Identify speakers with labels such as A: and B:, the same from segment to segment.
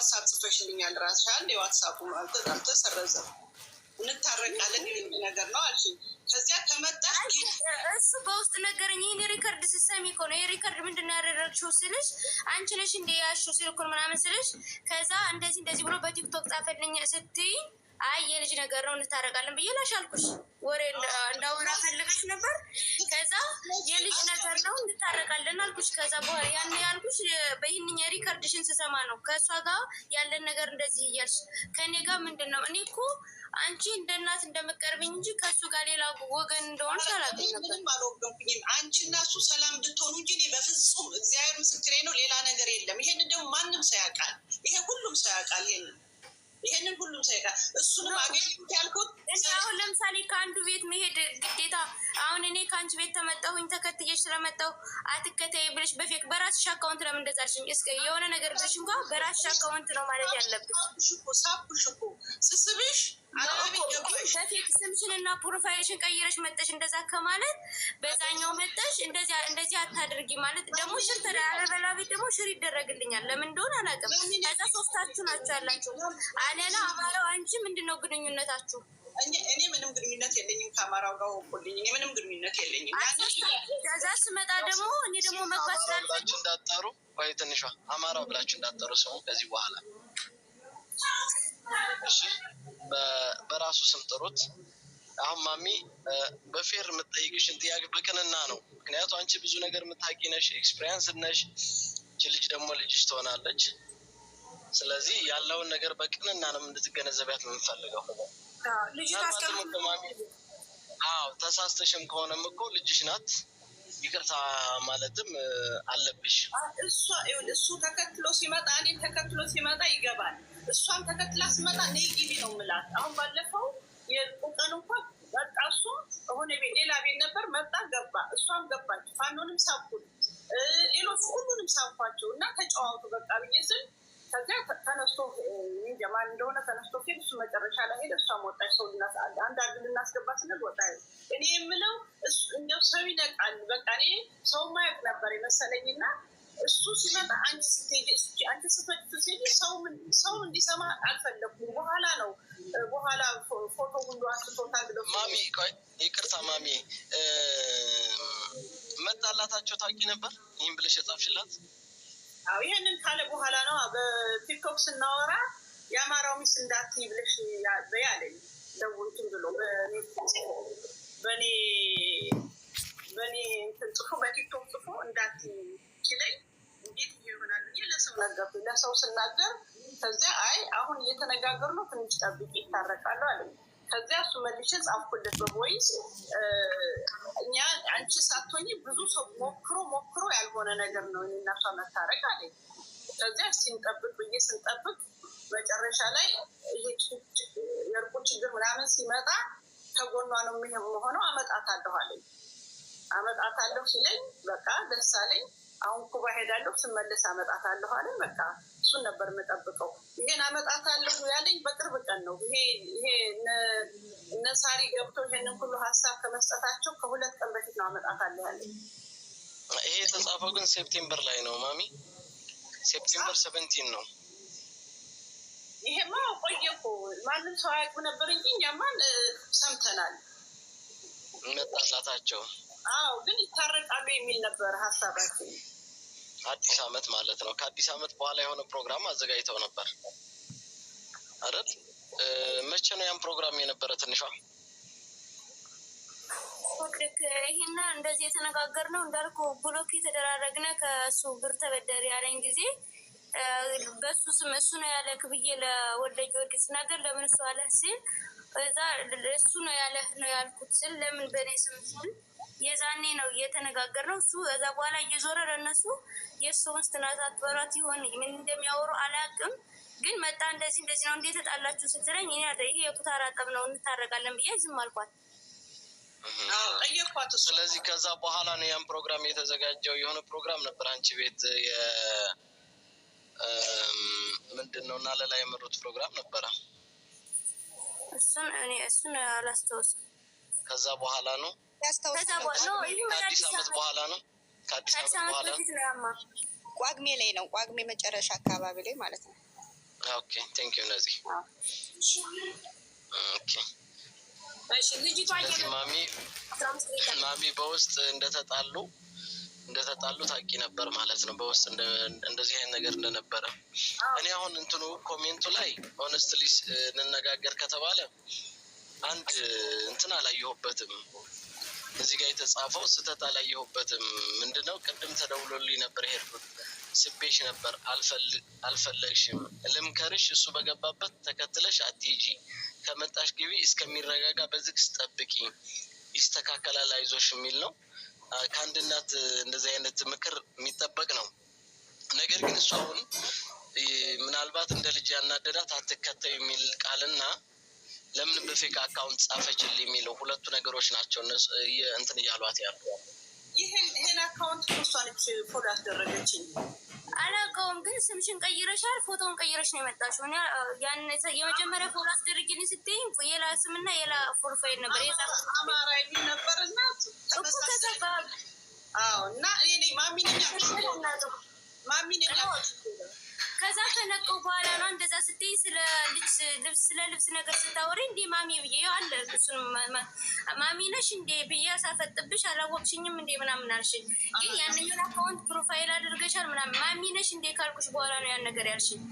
A: ዋትሳፕ ጽፈሽልኛል ራስሽ አንድ የዋትሳፑ አልተሰረዘም እንታረቃለን የሚል ነገር ነው አልሽ። ከዚያ ከመጣሽ
B: እሱ በውስጥ ነገረኝ። ይህን የሪከርድ ስትሰሚ እኮ ነው የሪከርድ ሪከርድ ምንድን ነው ያደረግሽው ስልሽ አንቺ ነሽ እንደ ያልሽው ስልኩን ምናምን ስልሽ ከዛ እንደዚህ እንደዚህ ብሎ በቲክቶክ ጻፈልኝ ስትይኝ አይ የልጅ ነገር ነው እንታረቃለን ብዬ ላሻልኩሽ ወሬ እንዳወራ ፈልገሽ ነበር። ከዛ የልጅ ነገር ነው እንታረቃለን አልኩሽ። ከዛ በኋላ ያን ያልኩሽ በይህንኛ ሪከርድሽን ስሰማ ነው። ከእሷ ጋር ያለን ነገር እንደዚህ እያልሽ ከእኔ ጋር ምንድን ነው? እኔ እኮ አንቺ እንደ እናት እንደምቀርብኝ እንጂ ከእሱ ጋር ሌላ ወገን እንደሆንሽ አላውቅም
A: ነበር። አንቺ እና እሱ ሰላም እንድትሆኑ እንጂ እኔ በፍጹም እግዚአብሔር ምስክሬ ነው፣ ሌላ ነገር የለም። ይሄን ደግሞ ማንም ሰው ያውቃል። ይሄ ሁሉም ሰው ያውቃል ይሄንን ይሄንን ሁሉም ሰው ይሄዳል። እሱንም አገኙት ያልኩት
B: እኔ አሁን ለምሳሌ ከአንዱ ቤት መሄድ ግዴታ አሁን እኔ ከአንቺ ቤት ተመጣሁኝ ተከትዬሽ ስለመጣሁ አትከተይ ብለሽ በፌክ በራስሽ አካውንት ለምን እንደዛ አልሽኝ? እስከ የሆነ ነገር ብለሽ እንኳ በራስሽ አካውንት ነው ማለት ያለብሽ።
A: ሳብሽ እኮ ስስብሽ በፌክ
B: ስምሽን እና ፕሮፋይልሽን ቀይረሽ መጠሽ እንደዛ ከማለት በዛኛው መጠሽ እንደዚህ አታድርጊ ማለት ደግሞ ሽር ተዳ ያለበላ ቤት ደግሞ ሽር ይደረግልኛል። ለምን እንደሆነ አላውቅም። ከዛ ሶስታችሁ ናቸው ያላቸው አለና አማራው፣ አንቺ ምንድን ነው ግንኙነታችሁ?
A: እኔ ምንም ግንኙነት የለኝም ከአማራው ጋር ወቁልኝ። እኔ ምንም ግንኙነት የለኝም።
B: ከዛ ስመጣ ደግሞ እኔ ደግሞ መግባት
C: ስላልፈለግኩ እንዳጠሩ ወይ ትንሿ አማራው ብላችሁ እንዳጠሩ ሰው ከዚህ በኋላ እሺ፣ በራሱ ስም ጥሩት። አሁን ማሚ በፌር የምጠይቅሽን ጥያቄ በቅንና ነው። ምክንያቱ አንቺ ብዙ ነገር የምታውቂ ነሽ፣ ኤክስፔሪንስ ነሽ። ልጅ ደግሞ ልጅሽ ትሆናለች። ስለዚህ ያለውን ነገር በቅንና ነው እንድትገነዘቢያት ነው የምፈልገው። አዎ ተሳስተሽም ከሆነም እኮ ልጅሽ ናት ይቅርታ ማለትም አለብሽ።
A: እሱ ተከትሎ ሲመጣ እኔም ተከትሎ ሲመጣ ይገባል። እሷም ተከትላ ሲመጣ እኔ ጊዜ ነው ምላት። አሁን ባለፈው የቁቀን እንኳ በቃ እሱ ሆነ ሌላ ቤት ነበር መጣ ገባ፣ እሷም ገባች። ፋኖንም ሳብኩ፣ ሌሎች ሁሉንም ሳብኳቸው እና ተጫዋቱ በቃ ብዬ ስል ከዚያ ተነስቶ እንጃ ማን እንደሆነ ተነስቶ ሄድ። እሱ መጨረሻ ላይ ሄደ፣ እሷም ወጣች። ሰው አንዳንድ ልናስገባ ስንል ወጣ። እኔ የምለው እንደው ሰው ይነቃል። በቃ እኔ ሰው ማየት ነበር የመሰለኝ የመሰለኝና እሱ ሲመጣ አንቺ ስትሄጂ ሰው እንዲሰማ አልፈለኩም። በኋላ ነው በኋላ ፎቶ ሁሉ አንስቶታል ብለው
C: ማሚ፣ ይቅርታ ማሚ፣ መጣላታቸው ታውቂ ነበር ይህን ብለሽ የጻፍሽላት
A: አዎ ይህንን ካለ በኋላ ነው በቲክቶክ ስናወራ የአማራው ሚስ እንዳትዪ ብለሽ ያለኝ ደውልኩኝ ብሎ በኔ በኔ እንትን ጽፎ በቲክቶክ ጽፎ እንዳትዪ ችለኝ እንዴት ይሆናል ብዬ ለሰው ነገር ለሰው ስናገር ከዚያ አይ አሁን እየተነጋገር ነው ትንሽ ጠብቂ ይታረቃሉ አለኝ። ከዚያ እሱ መልሼ ጻፍኩለት በቮይስ እኛ አንቺ ሳቶኝ ብዙ ሰው ሞክሮ ሞክሮ ያልሆነ ነገር ነው እናቷ መታረቅ አለ። ከዚያ ሲንጠብቅ ብዬ ስንጠብቅ መጨረሻ ላይ የእርቁ ችግር ምናምን ሲመጣ ከጎኗ ነው የምሆነው። አመጣታለሁ አለኝ። አመጣታለሁ ሲለኝ በቃ ደስ አለኝ። አሁን ኩባ ሄዳለሁ ስመለስ አመጣታለሁ አለኝ። በቃ እሱን ነበር የምጠብቀው። ይሄን አመጣታለሁ ያለኝ በቅርብ ቀን ነው። ይሄ ሳሪ ገብቶ ይሄንን ሁሉ ሀሳብ ከመስጠታቸው ከሁለት ቀን በፊት ነው አመጣታለሁ ያለኝ።
C: ይሄ የተጻፈው ግን ሴፕቴምበር ላይ ነው ማሚ፣ ሴፕቴምበር ሰቨንቲን ነው።
A: ይሄማ ቆየ እኮ ማንም ሰው አያውቅም ነበር እንጂ እኛማን ሰምተናል።
C: መጣላታቸው
A: አዎ፣ ግን ይታረቃሉ የሚል ነበር ሀሳባችን።
C: አዲስ አመት ማለት ነው። ከአዲስ አመት በኋላ የሆነ ፕሮግራም አዘጋጅተው ነበር አይደል? መቼ ነው ያን ፕሮግራም የነበረ? ትንሿ
B: ልክ ይሄና እንደዚህ ነው እንዳልኩ ብሎክ የተደራረግነ ከእሱ ብር ተበደር ያለኝ ጊዜ በእሱ ስም እሱ ነው ያለ ክብዬ ለወልደ ጊዮርጊስ ነገር ለምን እሱ አለ ሲል እዛ እሱ ነው ያለ ነው ያልኩት ስል ለምን በእኔ ስም ሲል የዛኔ ነው እየተነጋገር ነው እሱ እዛ በኋላ እየዞረ ለእነሱ የእሱ ምስትናት ናት ይሆን ምን እንደሚያወሩ አላውቅም። ግን መጣ እንደዚህ እንደዚህ ነው እንዴት ተጣላችሁ ስትለኝ እኔ ይሄ የኩታራ ጠብ ነው እንታረቃለን ብዬ ዝም አልኳት።
A: ጠየቅኳት።
C: ስለዚህ ከዛ በኋላ ነው ያን ፕሮግራም የተዘጋጀው። የሆነ ፕሮግራም ነበር አንቺ ቤት ምንድን ነው እና ለላ የመሩት ፕሮግራም ነበረ።
B: እሱን እኔ እሱን አላስታውስም።
C: ከዛ በኋላ ነው
B: ከአዲስ
C: ዓመት በኋላ ነው ከአዲስ ዓመት በኋላ
A: ቋግሜ ላይ ነው ቋግሜ መጨረሻ አካባቢ ላይ ማለት ነው።
C: ኦኬ ቴንክ ዩ ማሚ በውስጥ እንደተጣሉ እንደተጣሉ ታቂ ነበር ማለት ነው። በውስጥ እንደዚህ አይነት ነገር እንደነበረ እኔ አሁን እንትኑ ኮሜንቱ ላይ ኦነስትሊ እንነጋገር ከተባለ አንድ እንትን አላየሁበትም። እዚህ ጋር የተጻፈው ስህተት አላየሁበትም። ምንድነው ቅድም ተደውሎልኝ ነበር ሄድኩት ስቤሽ ነበር አልፈለግሽም። ልምከርሽ፣ እሱ በገባበት ተከትለሽ አትሄጂ። ከመጣሽ ግቢ እስከሚረጋጋ በዝግስ ጠብቂ፣ ይስተካከላል፣ አይዞሽ የሚል ነው። ከአንድ እናት እንደዚህ አይነት ምክር የሚጠበቅ ነው። ነገር ግን እሱ አሁን ምናልባት እንደ ልጅ ያናደዳት አትከተዩ የሚል ቃልና ለምን በፌክ አካውንት ጻፈችል የሚለው ሁለቱ ነገሮች ናቸው እንትን እያሏት ያሉ
A: ይህን አካውንት እሷ ነች ፎሎ ያስደረገችኝ።
B: አላውቀውም፣ ግን ስምሽን ቀይረሻል፣ ፎቶውን ቀይረሽ ነው የመጣሽው። የመጀመሪያ ፎሎ አስደርጊልኝ ስትይኝ የላ ስምና የላ ፕሮፋይል ነበር
A: አማራ የሚል ነበር እና እና ማሚንኛ ማሚንኛ
B: ከዛ ከነቀው በኋላ ነው እንደዛ ስትይ ስለ ልብስ ስለ ልብስ ነገር ስታወሪ እንዴ ማሚ ብዬ አለ እሱን ማሚ ነሽ እንዴ ብዬ ሳፈጥብሽ አላወቅሽኝም እንዴ ምናምን አልሽኝ። ግን ያንኛውን አካውንት ፕሮፋይል አድርገሻል ምናምን ማሚ ነሽ እንዴ ካልኩሽ በኋላ ነው ያን ነገር ያልሽኝ።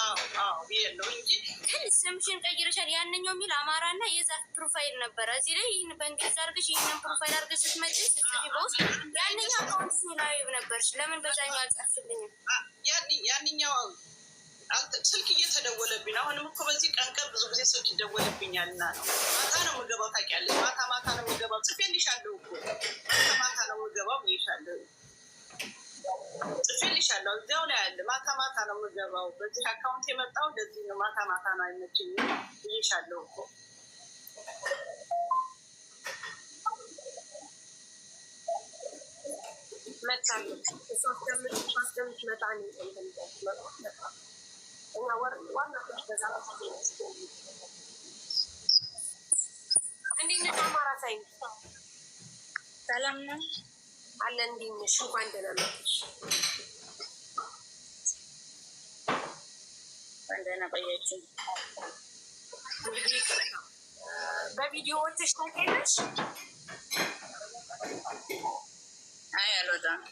A: አዎ አዎ ብዬ ነው እንጂ
B: ግን ስምሽን ቀይረሻል። ያንኛው የሚል አማራ እና የዛፍ ፕሮፋይል ነበረ። እዚህ ላይ ይህን በእንግሊዝ አርገሽ ይህንን ፕሮፋይል አርገሽ ስትመጪ ስትጽፊ በውስጥ ያንኛው አካውንት ሴላዊ ነበርሽ። ለምን በዛኛው አልጻፍልኝም?
A: ያንኛው ስልክ እየተደወለብኝ አሁንም እኮ በዚህ ቀን ቀን ብዙ ጊዜ ስልክ ይደወለብኛል እና ነው ማታ ነው የምገባው። ታውቂያለሽ፣ ማታ ማታ ነው የምገባው። ጽፌልሻለሁ እኮ ማታ ማታ ነው የምገባው ብዬሻለሁ። ጽፌልሻለሁ። እዚያው ላይ አለ። ማታ ማታ ነው የምገባው በዚህ አካውንት የመጣው ለዚህ ነው። ማታ ማታ ነው አይመችኝ ብዬሻለሁ እኮ መጣለች እሷ እስከምትመጣ እንዴት ነሽ? አማራ ሳይ ሰላም ነው። አለ እንዴት ነሽ? እንኳን ደህና መጣሽ። እንኳን ደህና ቆያችሁ። እንግዲህ በቪዲዮ ወጥተሽ ታውቂያለሽ?
D: አይ አልወጣም።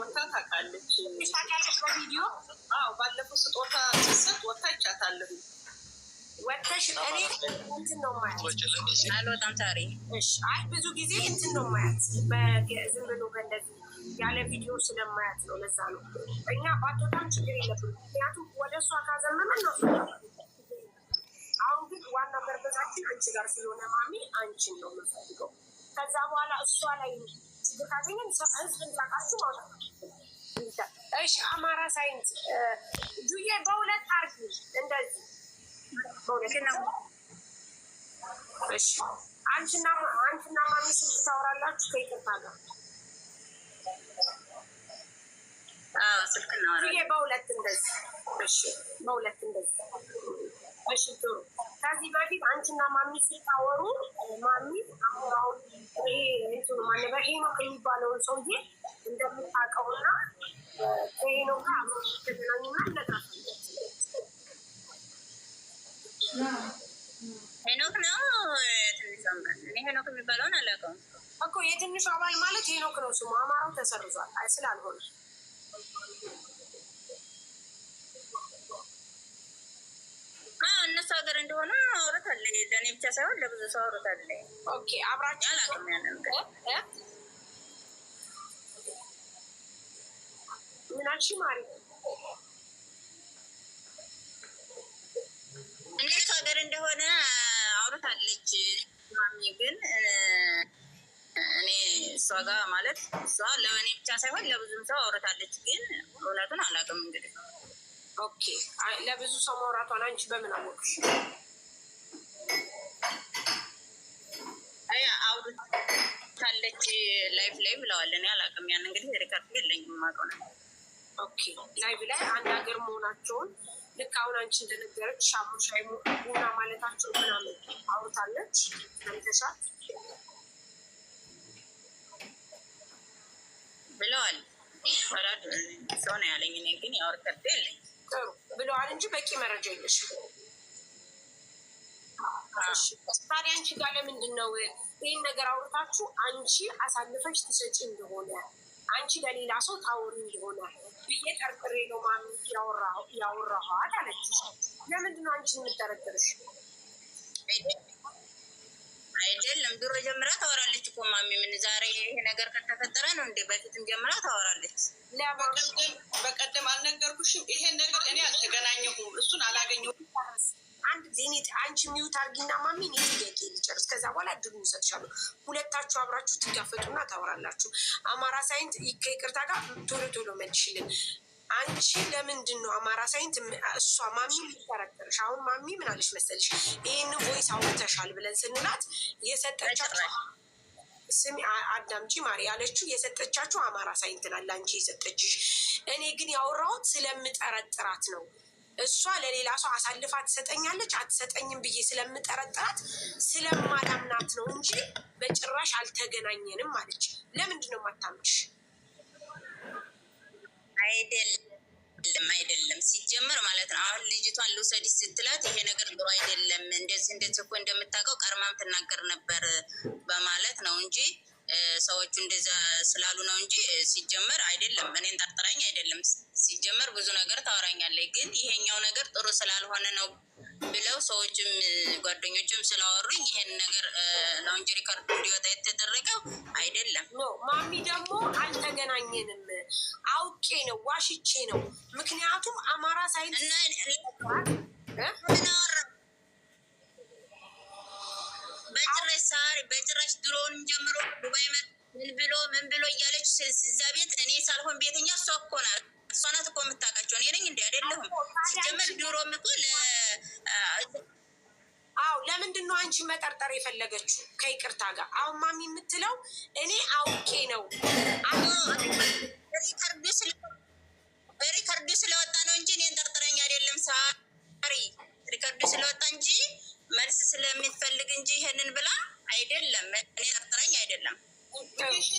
A: ወጣ ታውቃለች። ታውቂያለሽ? በቪዲዮ
D: አዎ፣ ባለፈው ስጦታ ስሰጥ እኔ አልወጣም። ታሪ
A: አይ ብዙ ጊዜ እንትን ነው ማያት ዝም ብሎ በእንደዚህ ያለ ቪዲዮ ስለማያት ነው። ለዛ ነው እኛ ችግር የለብን፣ ምክንያቱም ወደ እሷ ካዘመመን ነው። አሁን ግን ዋና መርበዛችን አንቺ ጋር ስለሆነ ማሚ አንቺን ነው ከዛ በኋላ እሷ ላይ ችግር ካገኘን ህዝብ እንዛቃችሁ ማለት ነው። እሺ አማራ ሳይንስ ጁዬ በሁለት አርጊ እንደዚህ በእውነቴን አንቺና ማሚ ስልክ ታወራላችሁ? ከይቅርታ ጋር ስልክ በሁለት እንደዚህ በሁለት እንደዚህ እሺ፣ ጥሩ። ከዚህ በፊት አንቺና ማሚ ሲታወሩ ማሚ አሁን አሁን በሄኖክ የሚባለውን ሰውዬ እንደምታውቀውና ከሄኖክ ጋር ተገናኙና ነግራታለሁ
D: ሄኖክ ነው እኔ ሄኖክ የሚባለውን አላውቀውም
A: እኮ። የትንሹ አባል ማለት ሄኖክ ነው ስሙ። አማራው ተሰርዟል ስላልሆነ
D: እነሱ ሀገር እንደሆነ አውርታለች። ለእኔ ብቻ ሳይሆን ለብዙ ሰው አውርታለች።
A: ኦኬ አብራችሁ
D: አላውቅም ያንን
A: ምናችን አሪፍ
D: እነሱ ሀገር እንደሆነ አውርታለች። ማሚ ግን እኔ እሷ ጋር ማለት እሷ ለእኔ ብቻ ሳይሆን ለብዙም ሰው አውርታለች። ግን እውነቱን አላውቅም። እንግዲህ
A: ኦኬ፣ ለብዙ ሰው ማውራቷን አንቺ በምን አወቅሽ?
D: አውርታለች ላይፍ ላይ ብለዋል። እኔ አላውቅም። ያን እንግዲህ ሪከርድ የለኝም።
A: ኦኬ፣ ላይፍ ላይ አንድ ሀገር መሆናቸውን ልክ አሁን አንቺ እንደነገረች ሻሙ ሻይ ቡና ማለታቸው ምናምን አውርታለች ለምተሻ
D: ብለዋል ሰው ነው ያለኝ። እኔ ግን ያወርከቤ የለኝ
A: ጥሩ ብለዋል እንጂ በቂ መረጃ የለሽ። ታዲያ አንቺ ጋር ለምንድን ነው ይህን ነገር አውርታችሁ አንቺ አሳልፈች ትሰጪ እንደሆነ አንቺ ለሌላ ሰው ታወሪ ይሆናል ብዬ ጠርጥሬ ነው ማሚ ያወራኋት አለች። ለምንድን ነው አንቺን የምጠረጥርሽ?
D: አይደለም ድሮ ጀምራ ታወራለች እኮ ማሚ። ምን ዛሬ ይሄ ነገር ከተፈጠረ ነው እንዴ? በፊትም ጀምራ ታወራለች።
A: በቀደም አልነገርኩሽም? ይሄን ነገር እኔ አልተገናኘሁም፣ እሱን አላገኘሁም። አንድ ዜኔት አንቺ ሚዩት አርጊና ማሚ እኔ ጥያቄ ልጨርስ፣ ከዛ በኋላ ድሉ ይሰጥሻሉ። ሁለታችሁ አብራችሁ ትጋፈጡና ታወራላችሁ። አማራ ሳይንት ከይቅርታ ጋር ቶሎ ቶሎ መልሽልን። አንቺ ለምንድን ነው አማራ ሳይንት እሷ ማሚ የሚጠረጠርሽ? አሁን ማሚ ምን አለሽ መሰልሽ? ይህን ቮይስ አውጥተሻል ብለን ስንላት የሰጠቻቸው ስሚ አዳምጪ ማሪ ያለችው የሰጠቻችሁ አማራ ሳይንት ናለ አንቺ የሰጠችሽ። እኔ ግን ያወራሁት ስለምጠረጥራት ነው እሷ ለሌላ ሰው አሳልፋ ትሰጠኛለች አትሰጠኝም ብዬ ስለምጠረጥራት ስለማላምናት ነው እንጂ በጭራሽ አልተገናኘንም አለች። ለምንድን ነው ማታምንሽ?
D: አይደለም አይደለም፣ ሲጀምር ማለት ነው። አሁን ልጅቷን ልውሰድ ስትላት ይሄ ነገር ጥሩ አይደለም፣ እንደዚህ እንደዚህ እኮ እንደምታውቀው ቀርማም ትናገር ነበር በማለት ነው እንጂ ሰዎቹ እንደዛ ስላሉ ነው እንጂ ሲጀመር አይደለም። እኔን ጠርጥራኝ አይደለም ሲጀመር ብዙ ነገር ታወራኛለች፣ ግን ይሄኛው ነገር ጥሩ ስላልሆነ ነው ብለው ሰዎችም ጓደኞችም ስላወሩኝ ይሄን ነገር ነው እንጂ እንዲወጣ የተደረገው አይደለም።
A: ማሚ ደግሞ አልተገናኘንም፣ አውቄ ነው ዋሽቼ ነው። ምክንያቱም አማራ ሳይድ
D: በጭራሽ ሳሪ በጭራሽ ድሮውንም ጀምሮ ዱባይ ምን ብሎ ምን ብሎ እያለች እዛ ቤት እኔ ሳልሆን ቤተኛ እሷ እኮ ናት። እሷ ናት እኮ የምታውቃቸው። እኔ ነኝ እንዲ አይደለሁም። ሲጀመር ድሮም እኮ
A: አው ለምንድን ነው አንቺ መጠርጠር የፈለገችው? ከይቅርታ ጋር አሁን ማሚ የምትለው እኔ አውቄ ነው
D: ሪከርዱ ስለወጣ ነው እንጂ እኔን ጠርጥረኝ አይደለም። ሳሪ ሪከርዱ ስለወጣ እንጂ መልስ ስለምትፈልግ እንጂ ይሄንን ብላ አይደለም። እኔ ጠርጥረኝ አይደለም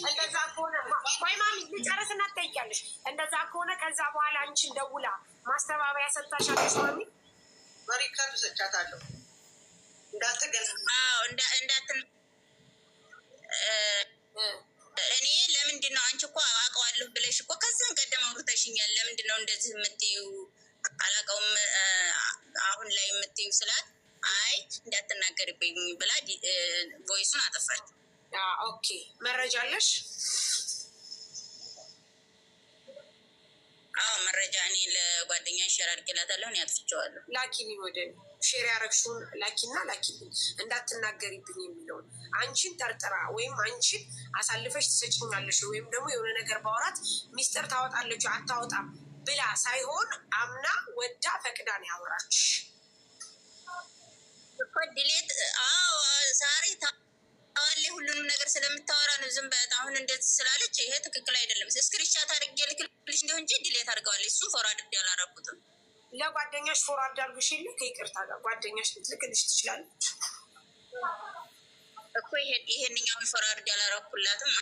A: እንደዛ ከሆነ ቆይ ማሚ ልጨርስና ትጠይቂያለሽ። እንደዛ ከሆነ ከዛ በኋላ አንቺን ደውላ ማስተባበያ ሰጥታሻለሽ ማሚ? በሪከርድ ሰጫታለሁ እንዳትገ
D: እኔ ለምንድን ነው አንቺ እኮ አውቀዋለሁ ብለሽ እኮ ከዚህም ቀደም አውርተሽኛል። ለምንድን ነው እንደዚህ የምትይው? አላውቀውም አሁን ላይ የምትይው ስላት አይ እንዳትናገርብኝ ብላ ቮይሱን አጠፋች።
A: ኦኬ መረጃ አለሽ?
D: አዎ መረጃ እኔ ለጓደኛ ሼር አድርጌላታለሁ። እኔ አጥፍቼዋለሁ።
A: ላኪኒ ወደ ሼር ያረግሽውን ላኪና ላኪኒ እንዳትናገሪብኝ የሚለውን አንቺን ጠርጥራ ወይም አንቺን አሳልፈሽ ትሰጭኛለሽ ወይም ደግሞ የሆነ ነገር ባውራት ሚስጥር ታወጣለች አታወጣም ብላ ሳይሆን አምና ወዳ ፈቅዳን ያወራች
D: እኮ ድሌት ላይ ሁሉንም ነገር ስለምታወራ ነው። ዝም በጣም አሁን እንደዚህ ስላለች ይሄ ትክክል አይደለም። እስክሪንሻት አድርጌ ልክልሽ እንዲሁ እንጂ ዲሌት አድርገዋል። እሱ ፎርዋርድ አላረኩትም።
A: ለጓደኛሽ ፎርዋርድ አድርጉሽል። ከይቅርታ ጋር ጓደኛሽ ልትልክልሽ ትችላለች
D: እኮ ይሄንኛውን ፎርዋርድ አላረኩላትም።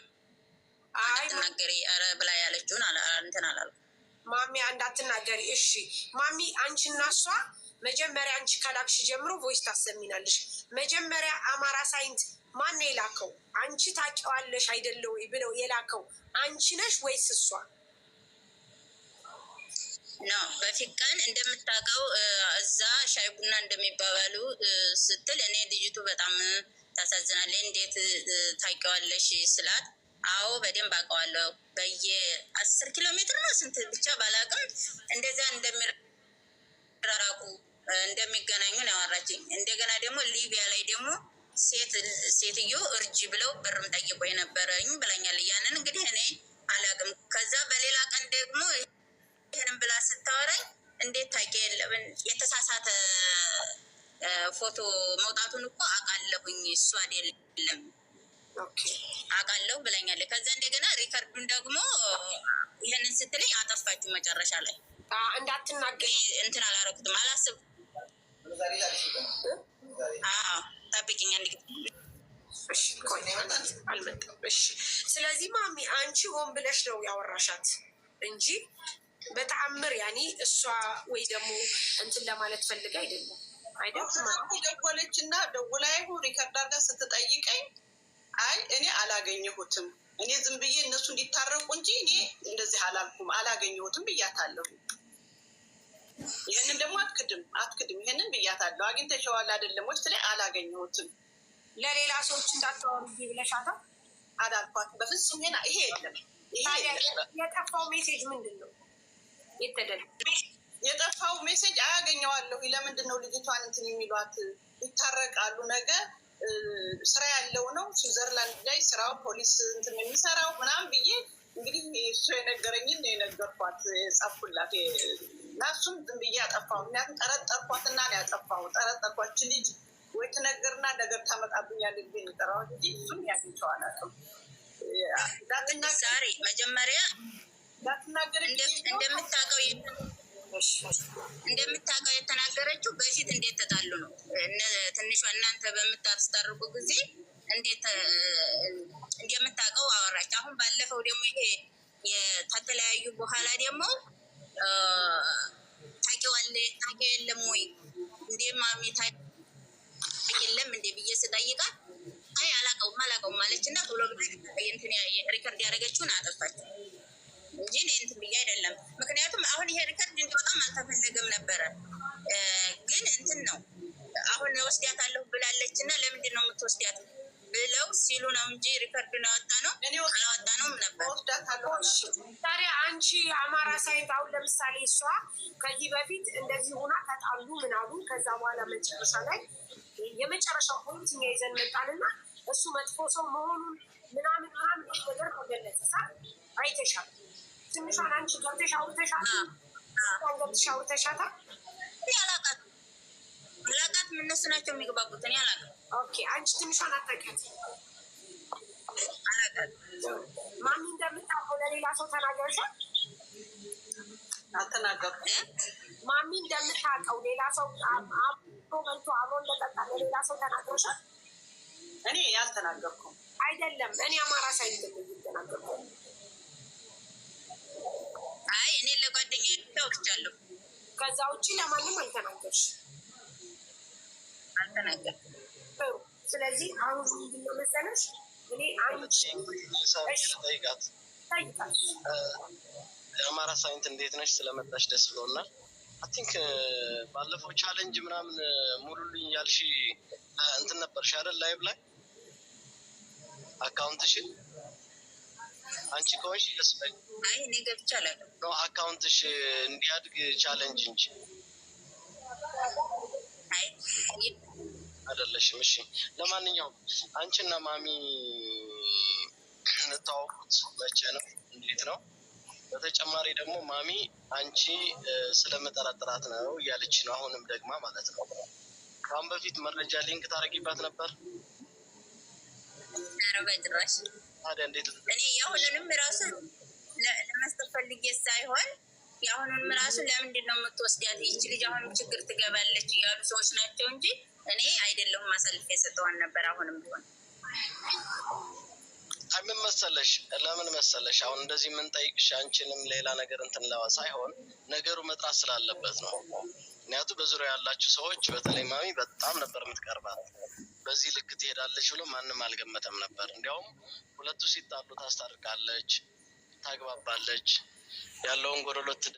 D: እንዳትናገሪ ኧረ ብላ ያለችውን እንትን አላልኩም።
A: ማሚ እንዳትናገሪ እሺ። ማሚ አንቺ እና እሷ መጀመሪያ አንቺ ከላክሽ ጀምሮ ቮይስ ታሰሚናለሽ። መጀመሪያ አማራ ሳይንት ማን የላከው? አንቺ ታውቂዋለሽ አይደለ ወይ ብለው የላከው አንቺ ነሽ ወይስ እሷ ነው?
D: በፊት ቀን እንደምታውቀው እዛ ሻይ ቡና እንደሚባባሉ ስትል እኔ ልጅቱ በጣም ታሳዝናለች፣ እንዴት ታውቂዋለሽ ስላት አዎ በደንብ አውቀዋለሁ። በየ አስር ኪሎ ሜትር ነው ስንት ብቻ ባላቅም እንደዚያ እንደሚራራቁ እንደሚገናኙ ነው ያወራችኝ። እንደገና ደግሞ ሊቢያ ላይ ደግሞ ሴትዮ እርጅ ብለው ብርም ጠይቆ የነበረኝ ብላኛል። ያንን እንግዲህ እኔ አላቅም። ከዛ በሌላ ቀን ደግሞ ይህንም ብላ ስታወራኝ እንዴት ታውቂ የለብን የተሳሳተ ፎቶ መውጣቱን እኮ አውቃለሁኝ እሱ አይደለም አውቃለሁ ብላኛለ። ከዛ እንደገና ሪከርዱን ደግሞ ይህንን ስትለኝ አጠፋችሁ መጨረሻ ላይ
A: እንዳትናገ
D: እንትን አላረኩትም አላስብ
A: ሆን ብለሽ ነው ያወራሻት እንጂ በተአምር ያኔ እሷ ወይ ደግሞ እንትን ለማለት ፈልግ አይደለም። ደወለች እና ደውላ ይሁን ሪከርድ አድርጋ ስትጠይቀኝ አይ እኔ አላገኘሁትም፣ እኔ ዝም ብዬ እነሱ እንዲታረቁ እንጂ እኔ እንደዚህ አላልኩም፣ አላገኘሁትም ብያታለሁ። ይህንን ደግሞ አትክድም አትክድም፣ ይህንን ብያታለሁ። አግኝተሽዋል አይደለም ወይ ስለ አላገኘሁትም ለሌላ ሰዎች እንዳታወሩ ብለሻታል። አላልኳት። በፍጹም ይሄ የለም። የጠፋው ሜሴጅ ምንድን ነው የጠፋው ሜሴጅ? አያገኘዋለሁ። ለምንድን ነው ልጅቷን እንትን የሚሏት? ይታረቃሉ ነገ። ስራ ያለው ነው ስዊዘርላንድ ላይ ስራው ፖሊስ እንትን የሚሰራው ምናምን ብዬ እንግዲህ እሱ የነገረኝን የነገርኳት የጻፍኩላት እና እሱም ዝም ብዬ ያጠፋው ምክንያቱም ጠረጠርኳትና ነው ጠረጠርኳችን ልጅ ወይ ትነግርና ነገር ታመጣብኛል ግ የሚጠራው እንጂ እሱም ያገኘው አላውቅም።
D: ዛሬ መጀመሪያ እንደምታውቀው የተናገረችው በፊት እንዴት ተጣሉ ነው። ትንሿ እናንተ በምታስታርቁ ጊዜ እንዴት እንደምታውቀው አወራች። አሁን ባለፈው ደግሞ ይሄ ከተለያዩ በኋላ ደግሞ ታውቂዋለሽ ታውቂው የለም ወይ እንደ ማሜ የለም እንዴ ብዬ ስጠይቃት አይ አላቀውም አላቀውም አለች እና ቶሎ ሪከርድ ያደረገችውን አጠፋች እንጂ እኔ እንትን ብዬ አይደለም። ምክንያቱም አሁን ይሄ ሪከርድ እንዲወጣም አልተፈለገም ነበረ፣ ግን እንትን ነው አሁን ወስዲያት አለሁ ብላለች እና ለምንድን ነው የምትወስዲያት ብለው ሲሉ ነው እንጂ ሪከርድ ያወጣ ነው ያወጣ ነው ነበር።
A: ታዲያ አንቺ አማራ ሳይት አሁን ለምሳሌ እሷ ከዚህ በፊት እንደዚህ ሆና ተጣሉ ምናሉ ከዛ በኋላ መጨረሻ ላይ የመጨረሻው ፖይንት እኛ ይዘን መጣንና እሱ መጥፎ ሰው መሆኑን ምናምን ምናምን ነገር ነው ሳ አይተሻል ትንሿን አንቺ ገብተሽ አውርተሻት ገብተሽ አውርተሻታል።
D: አላውቃትም አላውቃትም። እነሱ ናቸው የሚግባቡት። እኔ አላውቅም።
A: ኦኬ አንቺ ትንሿን አታውቂያትም። አላውቃትም። ማሚ እንደምታውቀው ለሌላ ሰው ተናገርሻል?
D: አልተናገርኩም።
A: ማሚ እንደምታውቀው ሌላ ሰው በልቶ አብሮ እንደጠጣ ለሌላ ሰው
D: እኔ ያልተናገርኩም
A: አይደለም። እኔ አማራ ሳይድ ተናገርኩም።
D: አይ እኔ ለጓደኛ ተወቅቻለሁ።
A: ከዛ ውጭ ለማንም አልተናገርሽ
D: አልተናገርኩም።
A: ስለዚህ አሁን መሰለሽ እኔ
C: ጠይቃት። የአማራ ሳይንት እንዴት ነሽ? ስለመጣሽ ደስ ብሎናል። አይ ቲንክ uh, ባለፈው ቻሌንጅ ምናምን uh, ሙሉልኝ ያልሽ uh, እንትን ነበርሽ አይደል? ላይቭ ላይ አካውንትሽን አንቺ ከሆንሽ ይመስለኝ
D: እኔ ገብቼ አላውቅም።
C: ነው አካውንትሽ እንዲያድግ ቻሌንጅ እንጂ አይደለሽም። እሺ፣ ለማንኛውም አንቺና ማሚ እንታወቁት መቼ ነው? እንዴት ነው? በተጨማሪ ደግሞ ማሚ አንቺ ስለምጠረጥራት ነው እያለች ነው። አሁንም ደግማ ማለት ነው። ከአሁን በፊት መረጃ ሊንክ ታደርጊባት ነበር።
D: ኧረ በጭራሽ። ታዲያ እንዴት እኔ የአሁኑንም ራሱ ለመስጠት ፈልጌ ሳይሆን የአሁኑንም ራሱ ለምንድን ነው የምትወስዳት ይች ልጅ አሁንም ችግር ትገባለች እያሉ ሰዎች ናቸው እንጂ እኔ አይደለሁም አሳልፌ የሰጠዋን ነበር። አሁንም ቢሆን
C: ምን መሰለሽ፣ ለምን መሰለሽ አሁን እንደዚህ የምንጠይቅሽ አንቺንም ሌላ ነገር እንትን ሳይሆን ነገሩ መጥራት ስላለበት ነው። ምክንያቱም በዙሪያ ያላችሁ ሰዎች በተለይ ማሚ በጣም ነበር የምትቀርባት። በዚህ ልክ ትሄዳለች ብሎ ማንም አልገመተም ነበር። እንዲያውም ሁለቱ ሲጣሉ ታስታርቃለች፣ ታግባባለች ያለውን ጎደሎት